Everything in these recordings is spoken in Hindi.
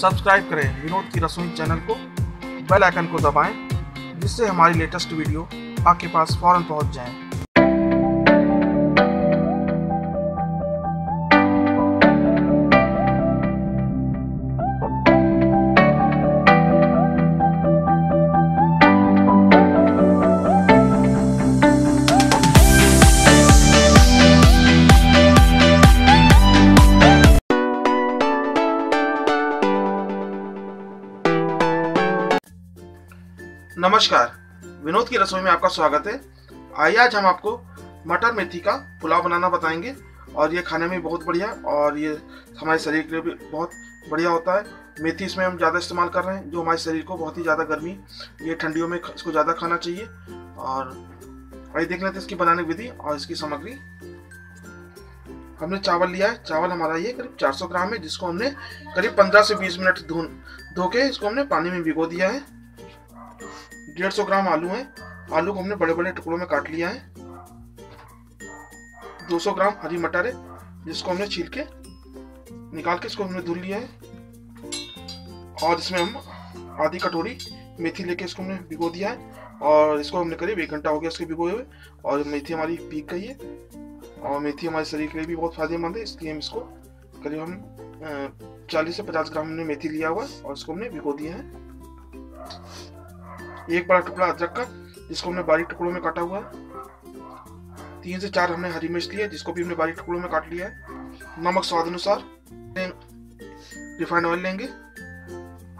सब्सक्राइब करें विनोद की रसोई चैनल को बेल आइकन को दबाएं जिससे हमारी लेटेस्ट वीडियो आपके पास फ़ौरन पहुंच जाएं। नमस्कार विनोद की रसोई में आपका स्वागत है आइए आज हम आपको मटर मेथी का पुलाव बनाना बताएंगे और ये खाने में बहुत बढ़िया और ये हमारे शरीर के लिए भी बहुत बढ़िया होता है मेथी इसमें हम ज़्यादा इस्तेमाल कर रहे हैं जो हमारे शरीर को बहुत ही ज़्यादा गर्मी ये ठंडियों में इसको ज़्यादा खाना चाहिए और आइए देख लेते हैं इसकी बनाने विधि और इसकी सामग्री हमने चावल लिया है चावल हमारा ये करीब 400 ग्राम है जिसको हमने करीब 15 से 20 मिनट धो धो के इसको हमने पानी में भिगो दिया है डेढ़ सौ ग्राम आलू है आलू को हमने बड़े बड़े टुकड़ों में काट लिया है 200 ग्राम हरी मटर है जिसको हमने छील के निकाल के इसको हमने धुल लिया है और इसमें हम आधी कटोरी मेथी लेके इसको हमने भिगो दिया है और इसको हमने करीब एक घंटा हो गया इसके भिगोए हुए और मेथी हमारी पीक गई है और मेथी हमारे शरीर के लिए भी बहुत फायदेमंद है इसलिए हम इसको करीब हम चालीस से पचास ग्राम हमने मेथी लिया हुआ है और इसको हमने भिगो दिया है एक बड़ा टुकड़ा अदरक का जिसको हमने बारीक टुकड़ों में काटा हुआ है तीन से चार हमने हरी मिर्च ली है जिसको भी हमने बारीक टुकड़ों में काट लिया है नमक स्वाद अनुसार रिफाइंड ऑयल लेंगे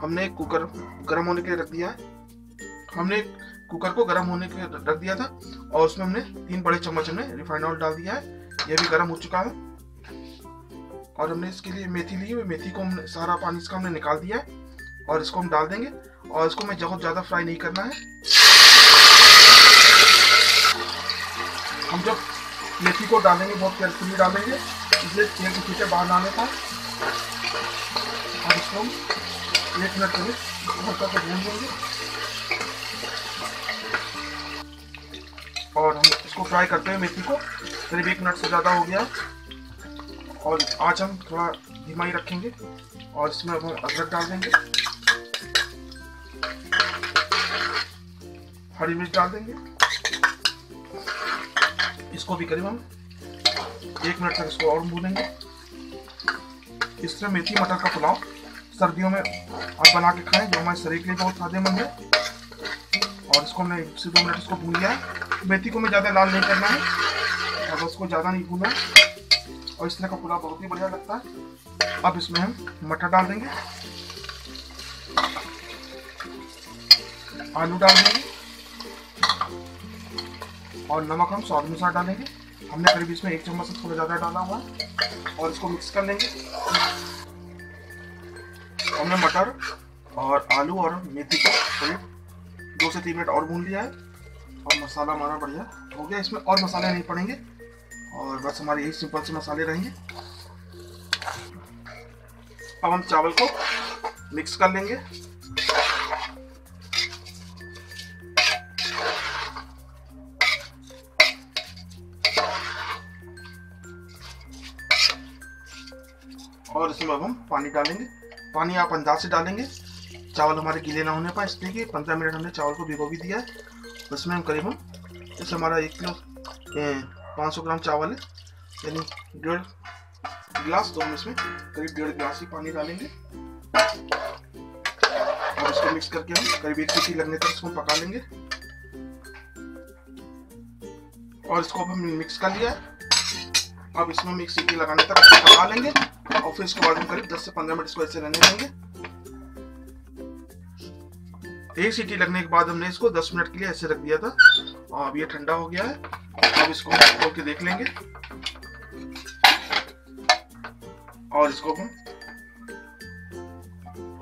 हमने एक कुकर गर्म होने के लिए रख दिया है हमने कुकर को गर्म होने के लिए रख दिया था और उसमें हमने तीन बड़े चम्मच हमने रिफाइंड ऑयल डाल दिया है यह भी गर्म हो चुका है और हमने इसके लिए मेथी ली हुई मेथी को हमने सारा पानी इसका हमने निकाल दिया है और इसको हम डाल देंगे और इसको मैं बहुत ज़्यादा फ्राई नहीं करना है हम जब मेथी को डालेंगे बहुत केयरफुली डालेंगे इसलिए तेल के पीछे बाहर ना आने का और इसको एक मिनट के लिए हल्का सा भून देंगे और हम इसको फ्राई करते हैं मेथी को करीब एक मिनट से ज़्यादा हो गया और आज हम थोड़ा धीमा ही रखेंगे और इसमें हम अदरक डाल देंगे हरी मिर्च डाल देंगे इसको भी करीब हम एक मिनट तक इसको और भूनेंगे इस तरह मेथी मटर का पुलाव सर्दियों में आप बना के खाएं जो हमारे शरीर के लिए बहुत फायदेमंद है और इसको हमने से दो मिनट इसको भून लिया है मेथी को हमें ज़्यादा लाल नहीं करना है और उसको ज़्यादा नहीं भूना और इस तरह का पुलाव बहुत ही बढ़िया लगता है अब इसमें हम मटर डाल देंगे आलू डाल देंगे और नमक हम स्वाद अनुसार डालेंगे हमने करीब इसमें एक चम्मच से थोड़ा ज़्यादा डाला हुआ और इसको मिक्स कर लेंगे हमने मटर और आलू और मेथी को करीब दो से तीन मिनट और भून लिया है और मसाला हमारा बढ़िया हो गया इसमें और मसाले नहीं पड़ेंगे और बस हमारे यही सिंपल से मसाले रहेंगे अब हम चावल को मिक्स कर लेंगे और इसमें अब हम पानी डालेंगे पानी आप अंदाज से डालेंगे चावल हमारे गीले ना होने पाए इसलिए कि पंद्रह मिनट हमने चावल को भिगो भी दिया है इसमें हम करीब हम जैसे हमारा एक किलो पाँच सौ ग्राम चावल है यानी डेढ़ गिलास तो हम इसमें करीब डेढ़ गिलास ही पानी डालेंगे और इसको मिक्स करके हम करीब एक सीटी लगने तक इसको पका लेंगे और इसको अब हम मिक्स कर लिया अब इसमें हम एक सीटी लगाने तक पका लेंगे और फिर इसको बाद में करीब दस से पंद्रह मिनट इसको ऐसे रहने देंगे एक सीटी लगने के बाद हमने इसको 10 मिनट के लिए ऐसे रख दिया था और अब ये ठंडा हो गया है अब इसको हम खोल के देख लेंगे और इसको हम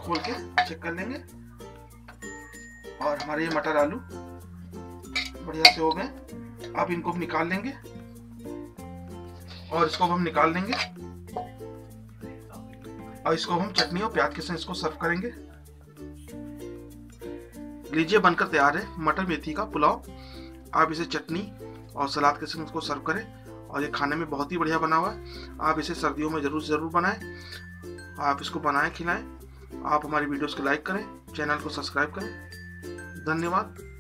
खोल के चेक कर लेंगे और हमारे ये मटर आलू बढ़िया से हो गए अब इनको हम निकाल लेंगे और इसको हम निकाल लेंगे और इसको हम चटनी और प्याज के साथ इसको सर्व करेंगे लीजिए बनकर तैयार है मटर मेथी का पुलाव आप इसे चटनी और सलाद के संग इसको सर्व करें और ये खाने में बहुत ही बढ़िया बना हुआ है आप इसे सर्दियों में ज़रूर ज़रूर बनाएं आप इसको बनाएं खिलाएं आप हमारी वीडियोस को लाइक करें चैनल को सब्सक्राइब करें धन्यवाद